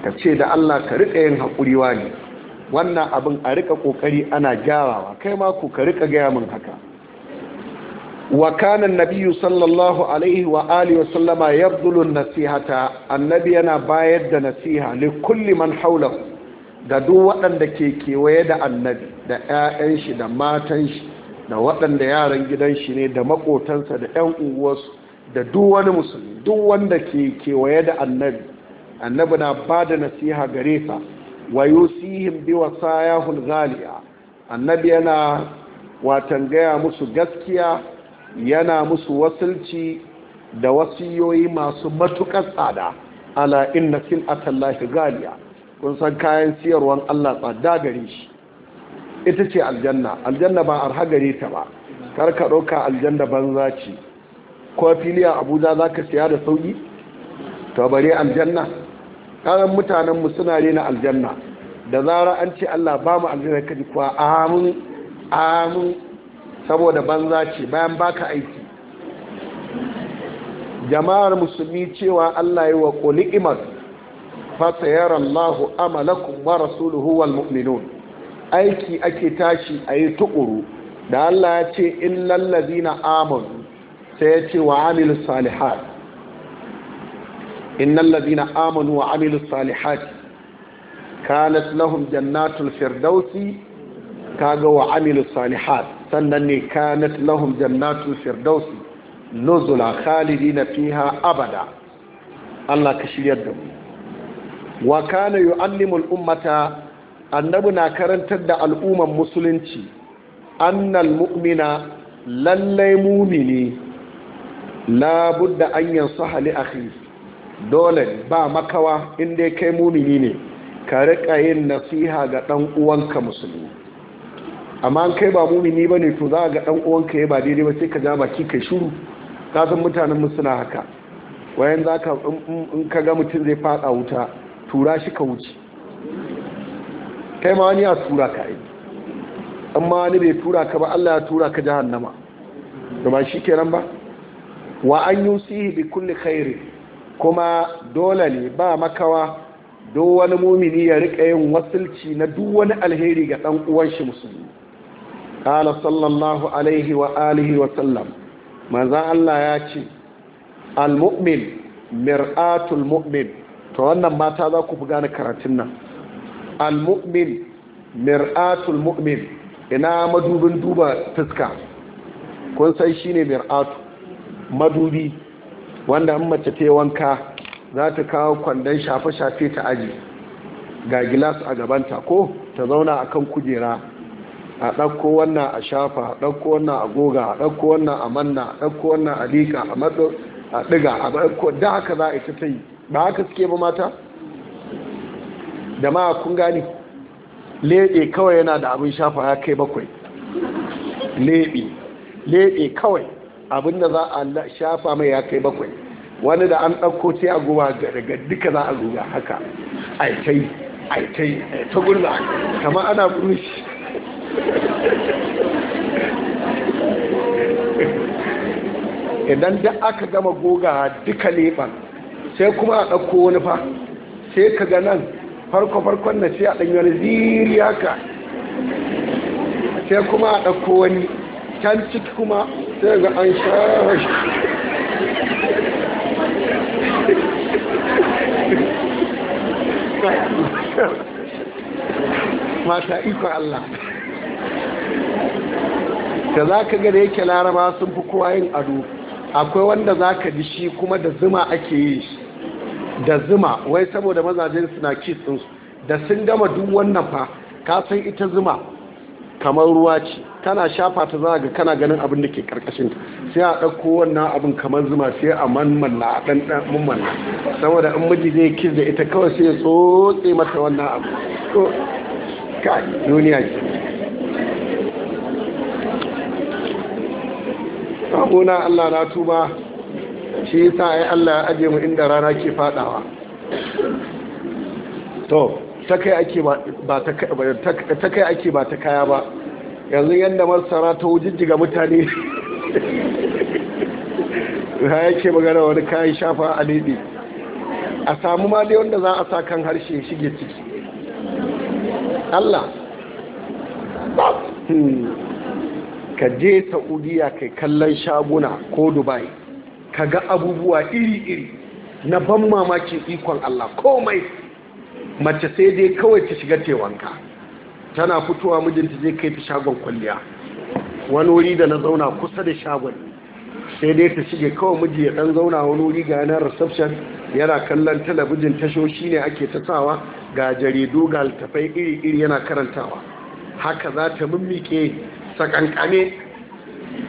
[SPEAKER 1] ka ce da Allah ka rika yin wa ne wannan abin a rika ƙoƙari ana gyarawa kai ma ku ka riƙa gaya min haka wa kana nabiyyu sallallahu alaihi wa alihi wa sallama yabdulu nasihata annabi yana bayar da nasiha li kulli man hawlahu Da duk waɗanda ke kewaye da annabi da 'ya'yan shi da matan shi da waɗanda yaran gidan shi ne da maƙotansa da 'yan unguwarsu da duk wani musulmi duk wanda ke kewaye da annabi annabi na ba da nasiha gare sa wa biwa bi wasayahul ghaliya annabi yana watan gaya musu gaskiya yana musu wasilci da wasiyoyi masu matuƙar tsada ala inna sil'atallahi galiya. kun san kayan siyarwar Allah tsada gare shi ita ce aljanna aljanna ba arha gare ta ba kar ka ɗauka aljanna banza ce ko filiya abuja za ka siya da sauƙi to bare aljanna mutanen mutanenmu suna rena aljanna da zara an ce allah ba mu aljanna ka ji kuwa amin amin saboda banza ce bayan baka aiki jama'ar musulmi cewa allah yi wa ƙuli imar yaran amalakum wa rasuluhu wal mu'minun aiki ake tashi a yi tukuru da Allah ya ce illallazi na amon sai ya ce wa amilu salihat innallazi na amon wa amilu salihat kanat lahum jannatul firdausi kaga wa amilu salihat sannan ne kanat lahum jannatul firdausi nuzula khalidina fiha abada Allah ka shiryar da mu wa kana yu'allimu ummata annabi na karantar da al'umman musulunci annal mu'mina lallai mumini labudda an yansu hali akhi dole ba makawa inda ya kai mumini ne ka riƙa yin nasiha ga dan uwanka musulmi amma an kai ba mumini ba ne to za ga ɗan uwanka ya ba daidai ba sai ka ja baki kai shuru ka san mutanen suna haka wayan za in ka ga mutum zai faɗa wuta tura shi ka wuce kai ma wani ya tura ka yi. amma wani bai tura ka ba Allah ya tura ka jahannama da ba shi kenan ba wa an yusihi bi kulle khairi kuma dole ne ba makawa do wani mumini ya rika yin wasilci na duk wani alheri ga ɗan uwan shi musulmi ƙala sallallahu alaihi wa alihi wa sallam manzon Allah ya ce al mu'min mir'atul mu'min to wannan mata za ku buga na karatun nan al-mu'min mir'atul mu'min ina madubin duba fuska kun san shine mir'atu madubi wanda an mace ta wanka za ta kawo kwandon shafe-shafe ta aji ga gilas a gabanta ko ta zauna akan kujera a ɗauko wannan a shafa a ɗauko wannan a goga a ɗauko wannan a manna a ɗauko wannan a liƙa a matsa a ɗiga a ɗauko da haka za a ita ta yi ba haka suke ba mata da ma kun gani leɓe kawai yana da abin shafa ya kai bakwai leɓe leɓe kawai abin da za a shafa mai ya kai bakwai wani da an ɗauko ce a guba daga duka za a guga haka aitai aitai ta gurza kama ana shi idan da aka gama goga duka leɓen sai kuma a ɗauko wani fa sai ka ga nan farko farkon da sai a ɗanyar wani ziri haka sai kuma a ɗauko wani can ciki kuma sai ga an shi mata ikon Allah da za ka gada yake laraba sun fi kowa yin ado akwai wanda za ka ji shi kuma da zuma ake yi shi da zuma wai saboda mazajen suna kis ɗinsu da sun gama duk wannan fa ka san ita zuma kamar ruwa ce kana shafa ta za ga kana ganin abin da ke karkashin sai a ɗauko wannan abin kamar zuma sai a manmanna a ɗanɗan mummanna saboda in miji zai kis da ita kawai sai ya tsotse mata wannan abu ko ka duniya ce Allah na tuba shi yasa ai Allah ya aje mu inda rana ke fadawa to ta kai ake ba ta ba ta kaya ba yanzu yadda masara ta wujijjiga mutane ya yake magana wani kayan shafa a lebe a samu ma dai wanda za a sa kan harshe shige ciki Allah hmm. ka je saudiya kai kallon shaguna ko dubai ka ga abubuwa iri-iri na ban mamaki ikon Allah komai mace sai dai kawai ta shiga tewanka tana fitowa mijinta zai kai ta shagon kwalliya wani wuri da na zauna kusa da shagon sai dai ta shige kawai miji ya dan zauna wani wuri ga yanar reception yana kallon talabijin tashoshi ne ake ta ga jaridu ga altafai iri-iri yana karantawa haka za ta mummike sakankane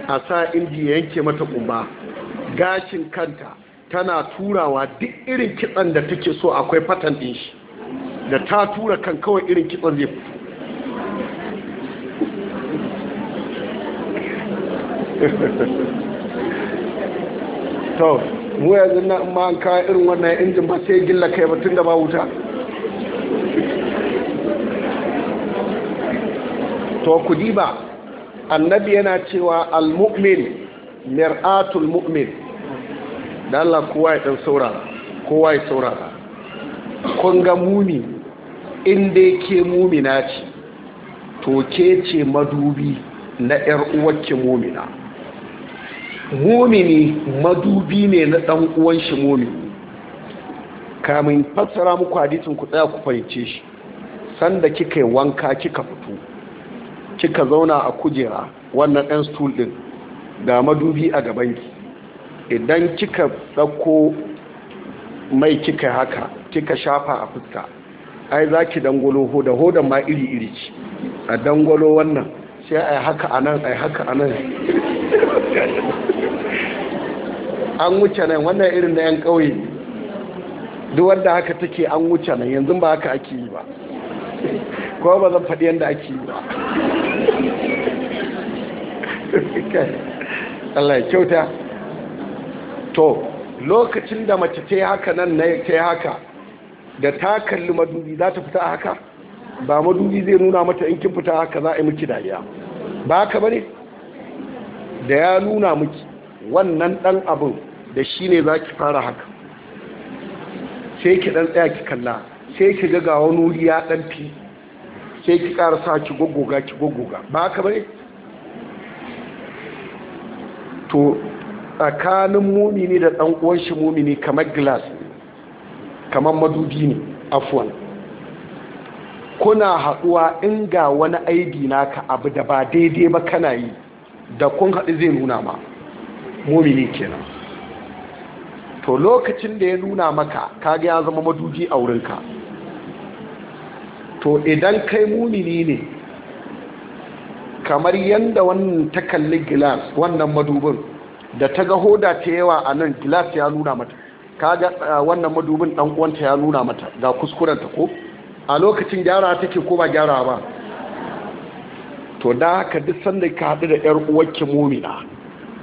[SPEAKER 1] a sa inji yanke mata kumba gashin kanta tana turawa duk irin kitsan da take so akwai fatan din shi da ta tura kan kawai irin kitsan zai fito to mu yanzu na ma an kawo irin wannan injin ba sai gilla kai tun da ba wuta to ku diba annabi yana cewa al-mu'min mir'atul mu'min da Allah kowa ya dan saurara kowa ya saurara kun ga mumi in yake mumina ce to ke ce madubi na yar uwarki mumina mumini madubi ne na dan uwan shi mumini kamin fassara muku hadisin ku tsaya ku fahimce shi sanda kika yi wanka kika fito kika zauna a kujera wannan ɗan stool ɗin ga madubi a gabanki idan kika ɗauko mai kika haka kika shafa a fuska ai za ki dangwalo hoda hoda ma iri-iri ci a dangwalo wannan sai ai haka a nan ai haka a nan an wuce nan wannan irin na 'yan ƙauye duk wanda haka take an wuce nan yanzu ba haka ake yi ba ko ba zan faɗi yadda ake yi ba Allah ya kyauta to lokacin da mace ta yi haka nan na ta yi haka da ta kalli madubi za ta fita haka ba madubi zai nuna mata in kin fita haka za a yi miki dariya ba haka bane da ya nuna miki wannan dan abin da shi ne za ki fara haka sai ki dan tsaya ki kalla sai ki ga ga wani wuri ya dan fi sai ki ƙara sa ki goggoga ki goggoga ba haka bane to tsakanin mumini da ɗan uwan shi mumini kamar glass kamar madubi ne afwan kuna haɗuwa in ga wani aibi naka abu da ba daidai ba kana yi da kun haɗu zai nuna ma mumini kenan to lokacin da ya nuna maka kaga ya zama madubi a wurinka to idan kai mumini ne kamar yadda wannan ta kalli gilas wannan madubin da ta ga hoda ta yawa a nan gilas ya nuna mata kaga eh, wannan madubin dan uwanta ya nuna mata ga kuskurenta ko a lokacin gyara take ko ba gyara ba to da haka duk sanda ka haɗu da yar uwarki mumina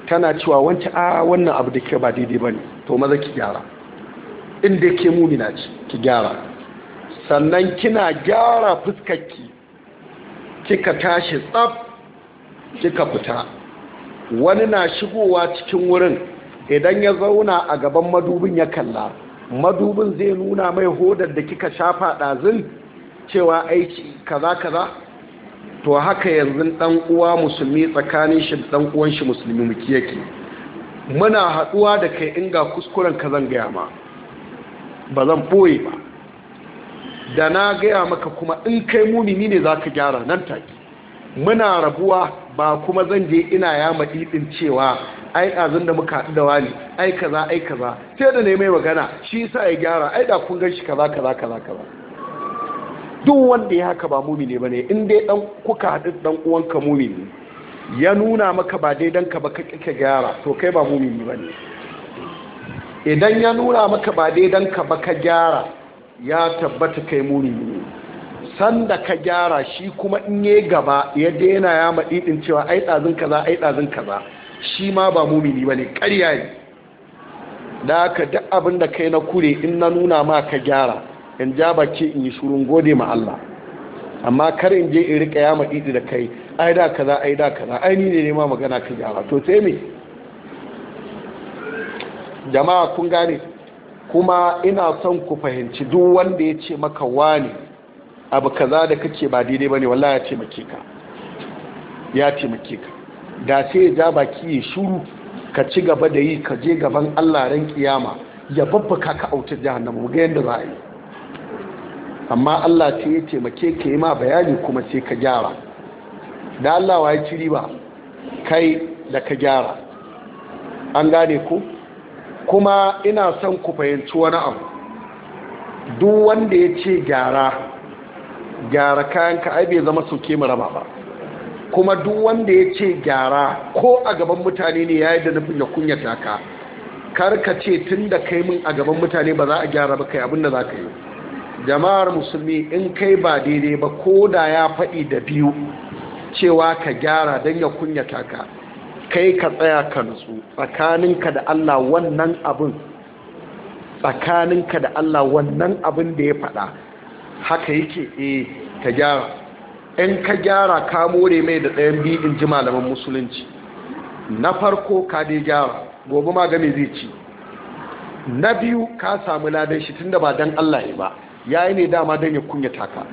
[SPEAKER 1] tana cewa wancan a wannan abu da ke ba daidai bane to maza ki gyara in da ke mumina ce ki gyara sannan kina gyara ki, kika tashi tsaf kika fita wani na shigowa cikin wurin idan ya zauna a gaban madubin ya kalla madubin zai nuna mai hodar da kika shafa ɗazin cewa aiki kaza kaza to haka yanzu dan uwa musulmi tsakanin shi dan uwan shi musulmi muke yake muna haduwa da kai in ga kuskuren ka zan gaya ma ba zan boye ba da na gaya maka kuma in kai muni ne zaka gyara nan take muna rabuwa ba kuma zan je ina ya maɗiɗin cewa ai azun da muka haɗu da wani ai kaza ai kaza sai da ne mai magana shi sa ya gyara ai da kun ganshi kaza kaza kaza kaza duk wanda ya haka ba mumi ne bane in dai dan kuka haɗu dan uwanka ne ya nuna maka ba daidan ka ba ka gyara to kai ba mumi ba bane idan ya nuna maka ba daidan ka ba ka gyara ya tabbata kai mumi ne. sanda ka gyara shi kuma in yi gaba ya daina ya maɗiɗin cewa ai ɗazin kaza ai ɗazin kaza shi ma ba mumini ba ne ƙarya ne da ka duk abin da kai na kure in na nuna ma ka gyara in ja baki in yi shirin gode ma Allah amma kar in je in rika ya maɗiɗi da kai ai da kaza ai da kaza ai ni ne nema magana ka gyara to sai me jama'a kun gane kuma ina son ku fahimci duk wanda ya ce maka wani abu kaza da kake ba daidai bane wallahi ya taimake ka ya taimake ka da sai ya ja baki ya shuru ka ci gaba da yi ka je gaban Allah ran kiyama ya babbaka ka autar jahannama mu ga yanda za a yi amma Allah sai ya taimake ka yi ma bayani kuma sai ka gyara da Allah wa ya ci riba kai da ka gyara an gane ku kuma ina son ku fahimci wani abu duk wanda ya ce gyara gyara kayan ka ai bai zama sauke mu raba ba kuma duk wanda ya ce gyara ko a gaban mutane ne ya yi da nufin ya kunyata ka karka ce tun da kai min a gaban mutane ba za a gyara ba kai abin da za ka yi jama'ar musulmi in kai ba daidai ba ko da ya faɗi da biyu cewa ka gyara don ya kunyata ka kai ka tsaya ka nutsu tsakaninka da Allah wannan abin tsakaninka da Allah wannan abin da ya faɗa haka yake eh ka gyara in ka gyara ka more mai da ɗayan biyu in ji malaman musulunci na farko ka dai gyara gobe ma game zai ci na biyu ka samu ladan shi tunda ba dan Allah ya ba Ya yi ne dama don ya kunya taka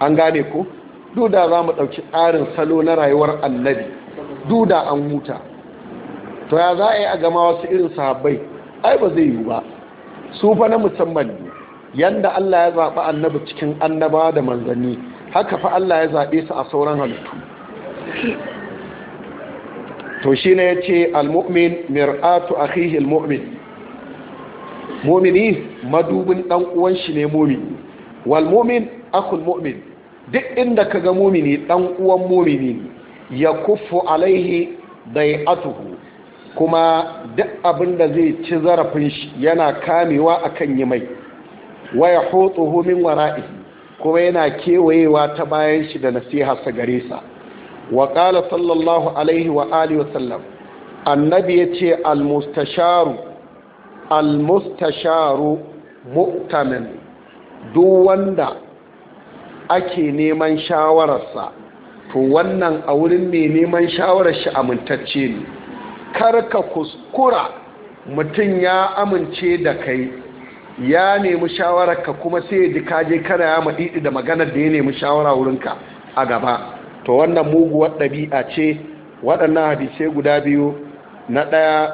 [SPEAKER 1] an gane ko duda za mu ɗauki tsarin salo na rayuwar annabi duda an huta to ya za a yi a gama wasu irin sahabbai ai ba zai yi ba su fa na musamman ne yanda Allah ya zaɓi annabi cikin annaba da manzanni haka fa Allah ya zaɓe su a sauran halittu to shi ne ya ce al-mumin mir'atu akhihi al-mu'min mumini madubin dan uwan shi ne mumini wal mumin akhul mu'min duk inda kaga mumini dan uwan mumini ya kufu alaihi bai'atuhu kuma duk abinda zai ci zarafin shi yana kamewa akan yi mai wa hoto min wara'ihi kuma yana kewayewa ta bayan shi da nasiharsa gare sa wa qala sallallahu alaihi wa alihi wa annabi yace al-mustasharu al-mustasharu mu'tamin duk wanda ake neman shawararsa to wannan a wurin mai neman shawarar shi amintacce ne karka kuskura mutum ya amince da kai ya nemi shawararka kuma sai ya ji kaje kana ya maɗiɗi da maganar da ya nemi shawara wurinka a gaba to wannan muguwar ɗabi'a ce waɗannan hadisai guda biyu na ɗaya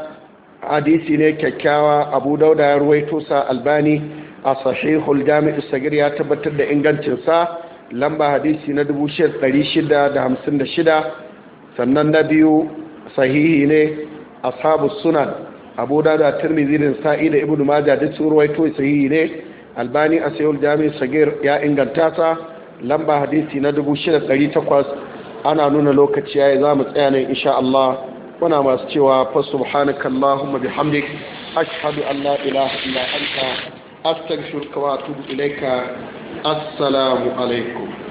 [SPEAKER 1] hadisi ne kyakkyawa abu dauda ya ruwaito sa albani a sahihul jami'u sagir ya tabbatar da ingancinsa lamba hadisi na 1656 sannan na biyu sahihi ne ashabu sunan abu da tirmidhi da sa'i da ibnu majah duk sun ruwaito sahihi ne albani a sayul jami sagir ya inganta sa lamba hadisi na 6800 ana nuna lokaci yayi za mu tsaya ne insha Allah kuna masu cewa fa subhanaka allahumma bihamdik ashhadu an la ilaha illa anta astaghfiruka wa atubu ilaika assalamu alaikum